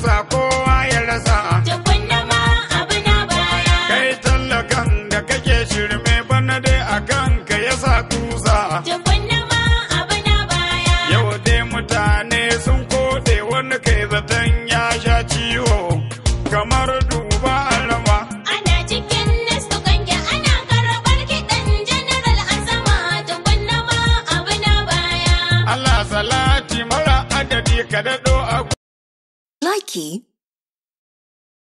rasa kowa ya rasa. Tukunna ma abu na baya. Kai tallakan da kake shirme bana dai a kan ka ya sa tusa. abu na baya. Yau dai mutane sun koɗe wani kai zaton ya sha ciwo. Kamar duba alama. Ana cikin nasu gange ana karɓar kiɗan general a sama. abu na baya. Allah salati mara adadi ka daɗo. Nike